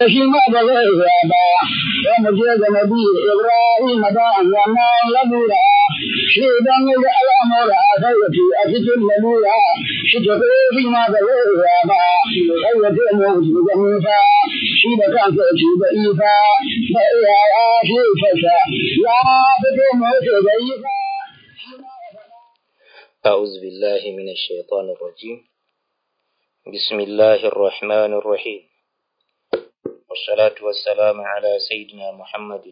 ومجيز نبي إبراهيم لبورا النبورا أية موت أعوذ بالله من الشيطان الرجيم بسم الله الرحمن الرحيم والصلاة والسلام على سيدنا محمد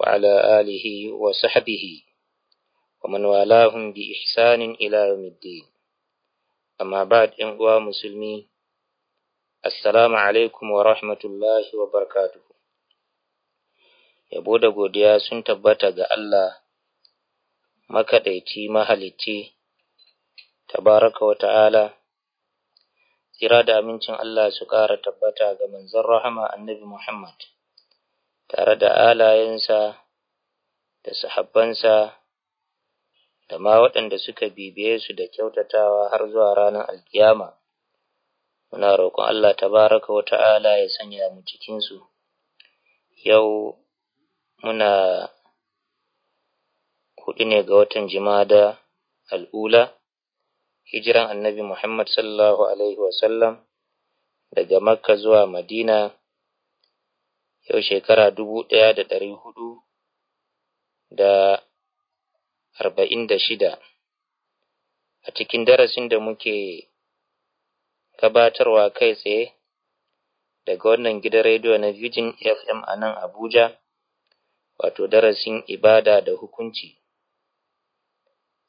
وعلى آله وصحبه ومن والاهم بإحسان إلى يوم الدين أما بعد إنقوى مسلمين Assalamu alaikum wa rahmatullahi wa barakatuhu. Yabo da godiya sun tabbata ga Allah makaɗaici mahalicci, tabaraka Wata'ala. Kira da amincin Allah su ƙara tabbata ga manzon rahama annabi Muhammad, tare da alayensa da sahabbansa da ma waɗanda suka bibiye su da kyautatawa har zuwa ranar alkiyama. Muna roƙon Allah tabaraka wa ta'ala ya sanya mu cikinsu. Yau muna huɗu ne ga watan da al'ula, hijiran annabi Muhammad sallallahu Alaihi wasallam daga Makka zuwa Madina yau shekara dubu ɗaya da ɗari hudu da arba'in da shida. A cikin darasin da muke gabatarwa kai tsaye daga wannan gidan rediyo na Vijin FM a nan Abuja, wato darasin ibada da hukunci.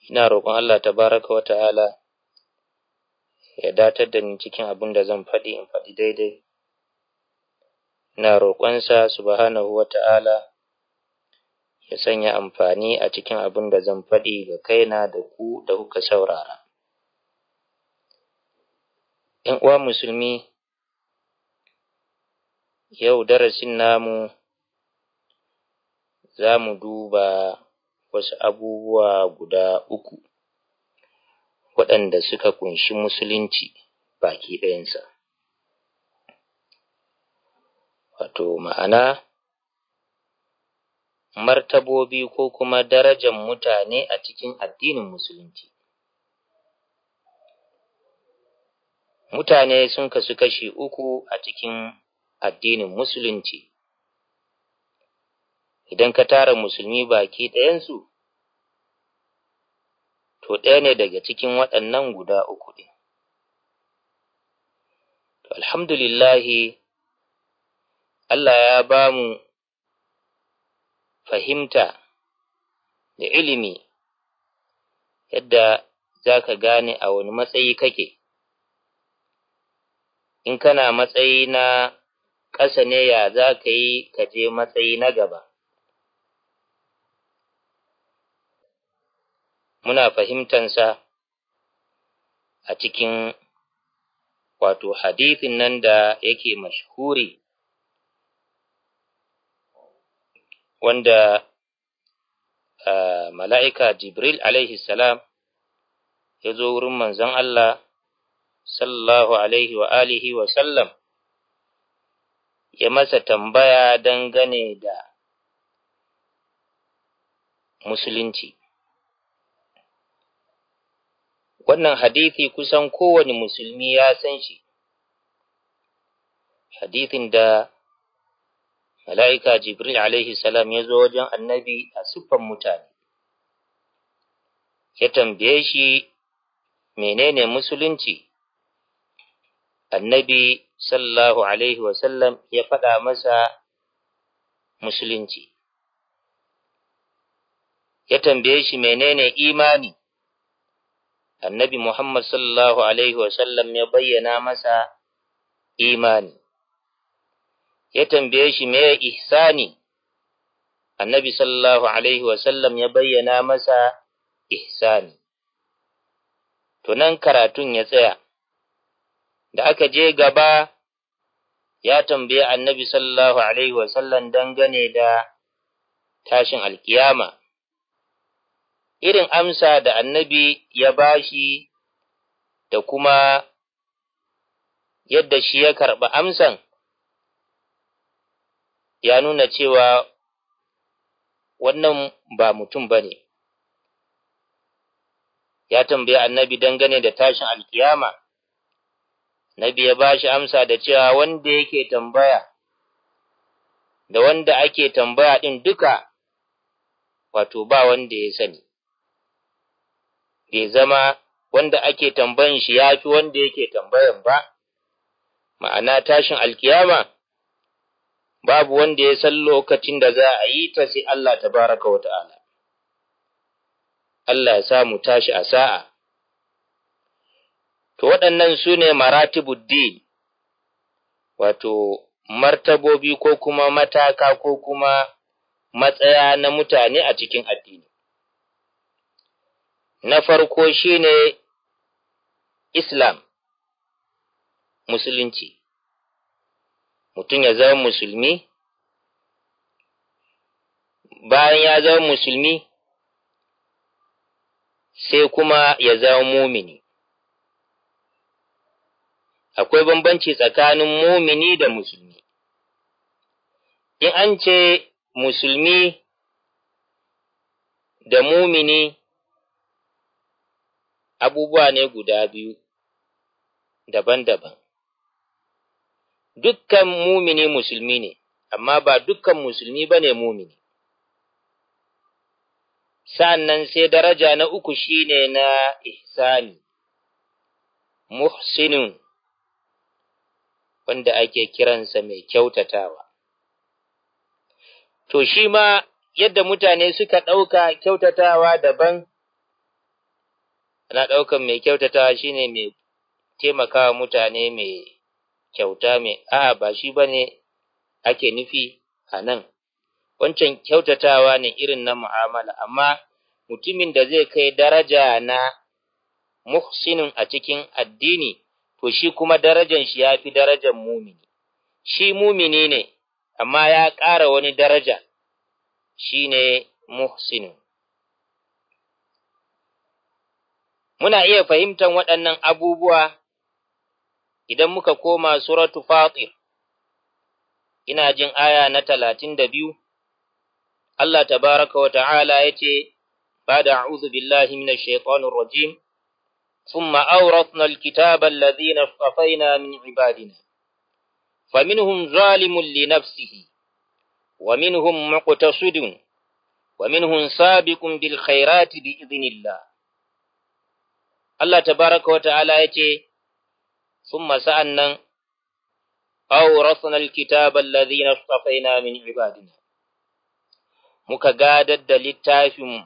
Ina roƙon Allah ta baraka wa ta'ala ya datar da ni cikin abin da zan faɗi in faɗi daidai na roƙonsa subhanahu wa ta'ala ya sanya amfani a cikin abin da zan faɗi ga kaina da ku da kuka saurara ‘yan uwa musulmi yau darasin namu za mu duba wasu abubuwa guda uku waɗanda suka ƙunshi musulunci baki ɗayansa wato ma'ana martabobi ko kuma darajar mutane a cikin addinin musulunci mutane sun kasu kashi uku a cikin addinin musulunci idan ka tara musulmi baki ɗayansu to ɗaya ne daga cikin waɗannan guda uku ɗin. Alhamdulillahi, Allah ya ba mu fahimta da ilimi yadda za ka gane a wani matsayi kake, in kana matsayi na ƙasa ne ya za ka yi ka je matsayi na gaba. muna fahimtansa a cikin wato hadithin nan da yake mashhuri wanda mala'ika Jibril alaihi salam ya zo wurin manzon Allah sallahu alaihi wa alihi wa sallam ya masa tambaya dangane da musulunci. wannan hadithi kusan kowane musulmi ya san shi hadithin da mala'ika jibril alaihi salam ya zo wajen annabi a siffan mutane ya tambaye shi menene musulunci annabi Sallahu alaihi wasallam ya faɗa masa musulunci ya tambaye shi menene imani annabi Muhammad sallallahu Alaihi wasallam ya bayyana masa imani, ya tambaye shi me ihsani, annabi sallallahu Alaihi wasallam ya bayyana masa ihsani. Tunan karatun ya tsaya, da aka je gaba ya tambaye annabi sallallahu Alaihi wasallam dangane da tashin alkiyama. irin amsa da annabi ya bashi da kuma yadda shi ya karɓi amsan ya nuna cewa wannan ba mutum ba ne, ya tambayi annabi dangane da tashin alkiyama, nabi ya ba shi amsa da cewa wanda yake tambaya, da wanda ake tambaya ɗin duka, wato ba wanda ya sani. bai zama wanda ake tambayan shi ya fi wanda yake tambayan ba, ma'ana tashin alkiyama babu wanda ya san lokacin da za a yi ta sai Allah ta baraka wa ta'ala. Allah ya samu tashi a sa'a. To waɗannan su ne maratibuddin, wato martabobi ko kuma mataka ko kuma matsaya na mutane a cikin addini. na farko shine Islam, Musulunci, mutum ya zama musulmi, bayan ya zama musulmi sai kuma ya zama mumini. Akwai bambanci tsakanin mumini da musulmi. In an ce musulmi da mumini abubuwa ne guda biyu daban-daban. Dukkan mumini musulmi ne, amma ba dukkan musulmi ba ne mumini. Sannan sai daraja na uku shine na ihsani, muhsinin wanda ake kiransa mai kyautatawa. To, shi ma yadda mutane suka ɗauka kyautatawa daban ana ɗaukan mai kyautatawa shine mai taimakawa mutane mai kyauta mai a'a ba shi ba bane ake nufi a nan wancan kyautatawa ne irin na mu'amala amma mutumin da zai kai daraja na muhsinin a cikin addini to shi kuma darajan shi ya fi darajan mumini shi mumini ne amma ya ƙara wani daraja shi ne muhsinin Muna iya fahimtar waɗannan abubuwa idan muka koma suratu fatir, ina jin aya na talatin da biyu, Allah ta baraka wa ta’ala ya ce, Ba da a’uzu billahi min shaitanun rajim, sun ma’auratun alkitaban lazina ƙafai na min ibadina, fa minhum zalimun li nafsihi, wa minhum maƙuta sudun, wa minhum sabiƙun bil khairati bi idhnillah. Allah tabaraka wa ta'ala ya ce, Summa sa'an nan, Aurasunan kitaban lazina safaina min ibadina, muka gadar da littafin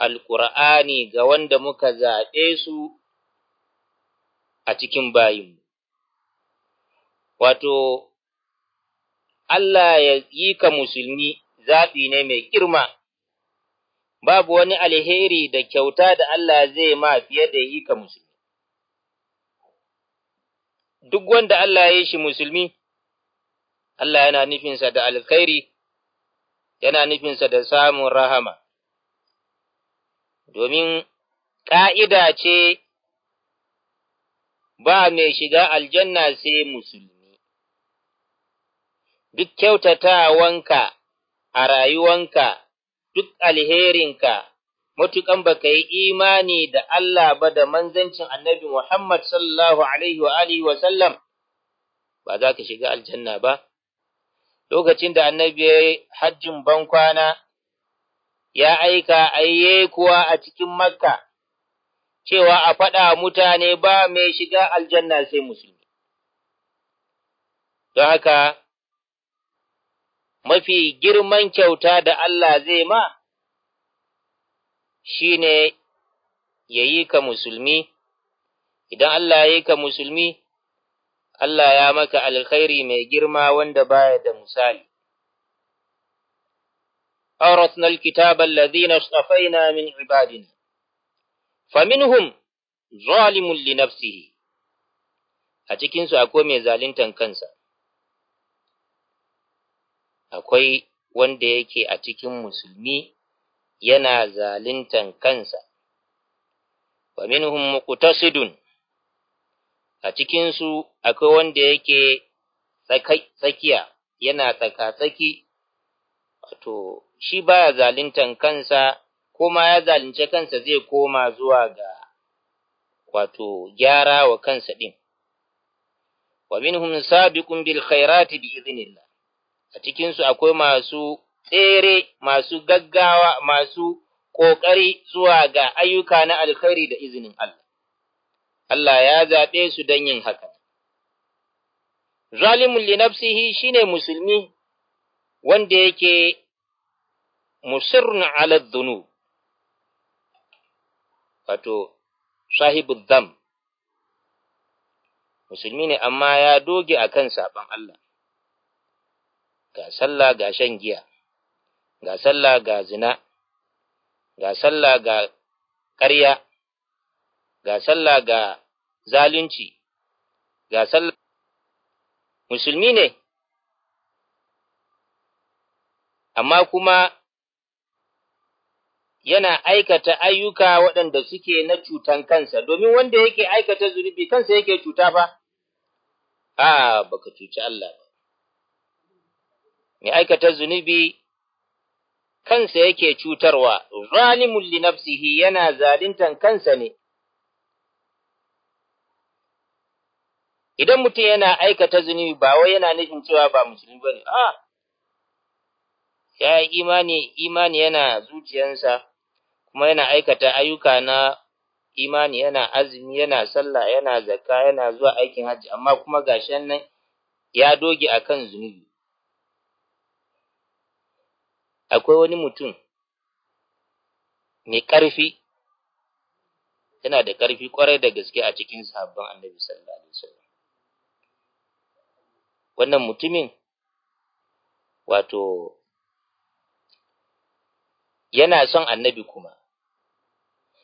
Alƙur'ani ga wanda muka zaɓe su a cikin bayin. Wato, Allah ya yi ka musulmi zaɓi ne mai girma. babu wani alheri da kyauta da Allah zai ma fiye da yi ka musulmi. Duk wanda Allah ya yi shi musulmi, Allah yana nufinsa da alkhairi, yana nufinsa da samun rahama, domin ƙa'ida ce ba mai shiga aljanna sai musulmi, duk kyautatawanka a rayuwanka. duk alherinka ba baka yi imani da Allah ba da manzancin Annabi Muhammad sallallahu alaihi wa alihi wa sallam ba za ka shiga aljanna ba lokacin da Annabi ya yi hajjin bankwana ya aika ayye kuwa a cikin Makka cewa a faɗa mutane ba mai shiga aljanna sai musulmi don haka mafi girman kyauta da Allah zai ma shi ne ya yi ka musulmi, idan Allah ya yi ka musulmi, Allah ya maka alkhairi mai girma wanda baya da misali. أورثنا الكتاب الذين اصطفينا من عبادنا فمنهم ظالم لنفسه أتكنسو من زالنتا kansa. akwai wanda yake a cikin musulmi yana zalintan kansa, wa minhum muqtasidun a cikinsu akwai wanda yake tsakiya yana tsaka-tsaki, wato, shi baya zaluntan kansa, koma ya zalunce kansa zai koma zuwa ga wato gyara wa kansa ɗin. Wa minhum sabiqun bil khairati bi iznillah a cikinsu akwai masu tsere, masu gaggawa, masu ƙoƙari zuwa ga ayyuka na alkhairi da izinin Allah. Allah ya zaɓe su don yin haka. Zalimun linafsihi shi ne musulmi wanda yake musirrin ala dhunub wato sahibu dham musulmi ne amma ya doge akan saban Allah ga sallah ga shan giya ga sallah ga zina ga sallah ga ƙarya ga sallah ga zalunci ga sallah musulmi ne amma kuma yana aikata ayyuka waɗanda suke na cutan kansa, domin wanda yake aikata zunubi kansa yake cuta ba, a baka cuci Allah ba. mai aikata zunubi kansa yake cutarwa, zalimun li nafsihi yana zalintan kansa ne. Idan mutum yana aikata zunubi ba wai yana nufin cewa ba musulmi ba ne, a, ya imani, imani yana zuciyansa, kuma yana aikata ayyuka na imani yana azumi, yana sallah, yana zakka, yana zuwa aikin hajji, amma kuma gashin nan ya doge akan zunubi. akwai wani mutum mai ƙarfi yana da ƙarfi ƙwarai da gaske a cikin sahabban annabi sallallahu alaihi wasallam wannan mutumin wato yana son annabi kuma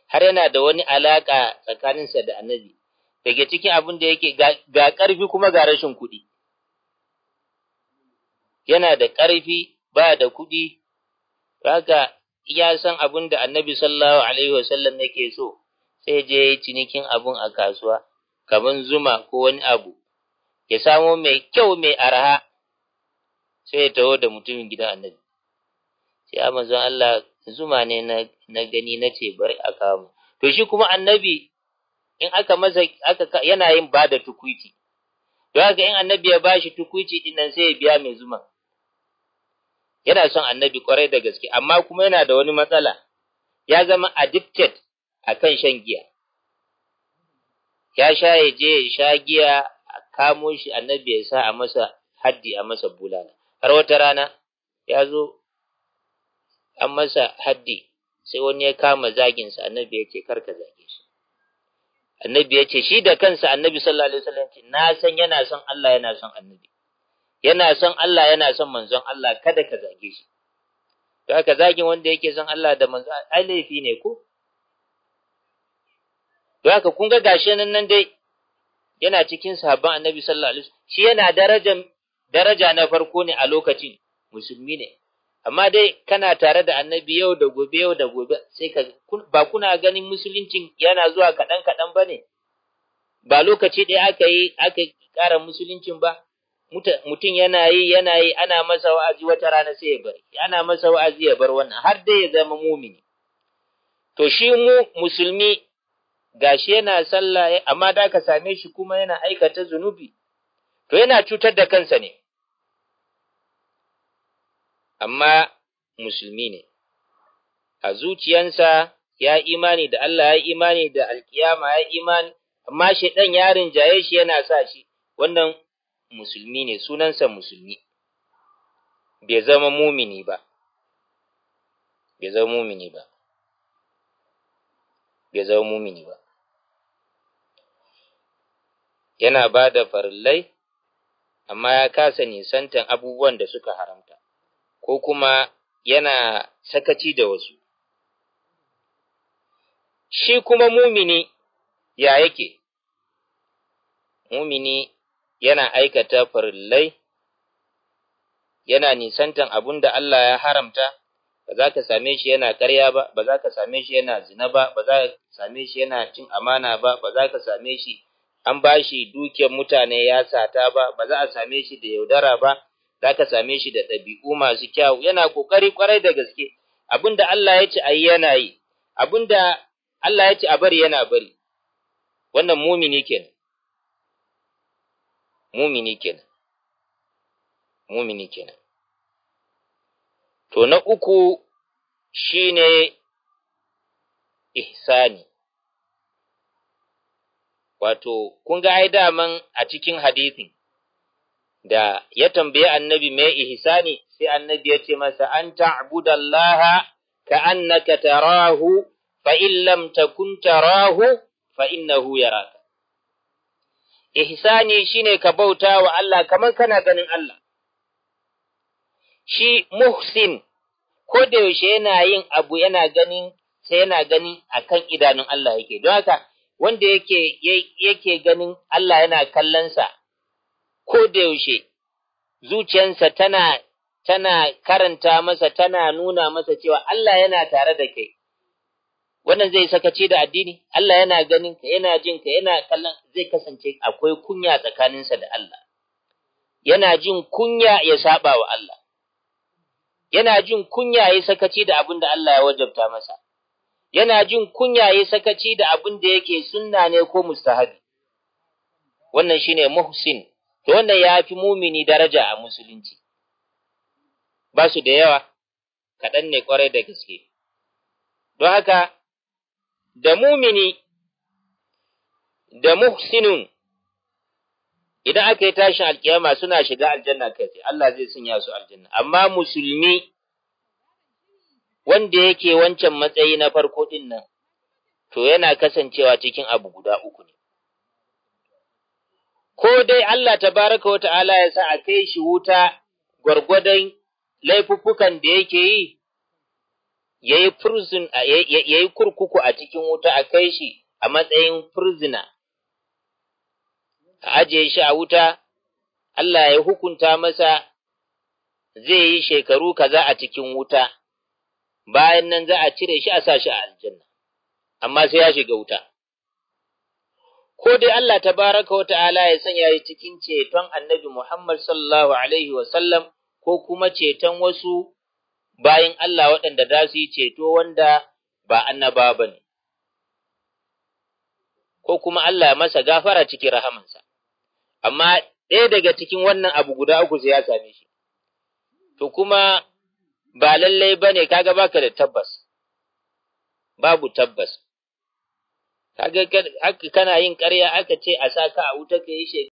har yana da wani alaƙa tsakaninsa da annabi daga cikin abin da yake ga ƙarfi kuma ga rashin kuɗi yana da ƙarfi ba da kuɗi Raga ya san abin da annabi sallallahu alaihi wasallam yake so, sai je ya yi cinikin abun a kasuwa, kaman zuma ko wani abu, ya samo mai kyau mai araha, sai ya taho da mutumin gidan annabi. Sai a Allah zuma ne na gani na ce bari a kawo To shi kuma annabi in aka masa aka yana yin ba da tukuiti, don haka in annabi ya bashi tukuiti dinnan sai ya biya mai zuma. yana son annabi kwarai da gaske amma kuma yana da wani matsala ya zama addicted a kan shan giya ya sha ya je ya sha giya a kamo shi annabi ya sa a masa haddi a masa bulala har wata rana ya zo an masa haddi sai wani ya kama zaginsa annabi ya ce karka zage shi annabi ya ce shi da kansa annabi sallallahu alaihi wasallam ce na san yana son Allah yana son annabi yana son Allah yana son manzon Allah kada ka zage shi to haka zagin wanda yake son Allah da manzon ai laifi ne ko to haka kun ga gashi nan nan dai yana cikin sahabban Annabi sallallahu alaihi wasallam shi yana daraja daraja na farko ne a lokacin musulmi ne amma dai kana tare da Annabi yau da gobe yau da gobe sai ka ba kuna ganin musuluncin yana zuwa kaɗan kaɗan ba ne ba lokaci ɗaya aka yi aka ƙara musuluncin ba mutum yana yi yana yi ana masa wa'azi wata rana sai ya bar ana masa wa'azi ya bar wannan har dai ya zama mumini to shi mu musulmi gashi yana sallah amma da ka same shi kuma yana aikata zunubi to yana cutar da kansa ne amma musulmi ne a zuciyansa ya imani da Allah ya imani da alkiyama ya imani amma dan yarin jaye shi yana sa shi wannan musulmi ne sunansa musulmi bai zama mumini ba bai zama mumini ba bai zama mumini ba yana ba da farillai amma ya kasa nisantan abubuwan da suka haramta ko kuma yana sakaci da wasu shi kuma mumini ya yake mumini yana aikata farillai, yana nisantan abun da Allah ya haramta, ba za ka same shi yana ƙarya ba, ba za ka same shi yana zina ba, ba za ka same shi yana cin amana ba, ba za ka same shi an ba shi dukiyar mutane ya sata ba, ba za a same shi da yaudara ba, za ka same shi da ɗabi'u masu kyau, yana ƙoƙari ƙwarai da gaske, abin da Allah ya ce a yi yana yi, abin da Allah ya ce a bari yana bari, wannan mumini kenan. mumini kenan mumini kenan to na uku shine ihsani wato kun ga ai daman a cikin hadisin da ya tambaye annabi me ihsani sai annabi ya ce masa an ta'budallaha ka annaka tarahu fa in lam takun tarahu fa innahu yaraka ihsani shine ka bauta wa Allah kamar kana ganin Allah. Shi muhsin, ko da yaushe yana yin abu yana ganin sai yana gani akan idanun Allah yake, don haka wanda yake yake ganin Allah yana kallonsa, ko da yaushe zuciyarsa tana tana karanta masa tana nuna masa cewa Allah yana tare da kai. wannan zai sakaci da addini Allah yana ganin ka yana jin ka yana kallon zai kasance akwai kunya tsakaninsa da Allah yana jin kunya ya saba wa Allah yana jin kunya ya sakaci da abin Allah ya wajabta masa yana jin kunya ya sakaci da abin da yake sunna ne ko mustahabi wannan shine muhsin to wannan ya mumini daraja a musulunci ba su da yawa kaɗan ne kwarai da gaske don haka da mumini da muhsinun idan aka yi tashin alkiyama suna shiga aljanna kai Allah zai sanya su aljanna amma musulmi wanda yake wancan matsayi na farko din nan to yana kasancewa cikin abu guda uku ne ko dai Allah tabaraka wa ta'ala ya sa a kai shi wuta gwargwadon laifuffukan da yake yi ya yi prison ya kurkuku a cikin wuta a kai shi a matsayin prisoner a ajiye shi a wuta Allah ya hukunta masa zai yi shekaru kaza a cikin wuta bayan nan za a cire shi a sa shi a aljanna amma sai ya shiga wuta ko dai Allah baraka wa ta'ala ya sanya shi cikin ceton Annabi Muhammad sallallahu alaihi wa sallam ko kuma ceton wasu Bayan Allah waɗanda za su yi ceto wanda ba annaba ba ne, ko kuma Allah ya masa gafara cikin rahamansa, amma ɗaya daga cikin wannan abu guda uku sai ya same shi, to kuma ba lallai ba ne kaga baka da tabbas, babu tabbas. Kaga kana yin ƙarya aka ce a sa ka a wuta ka yi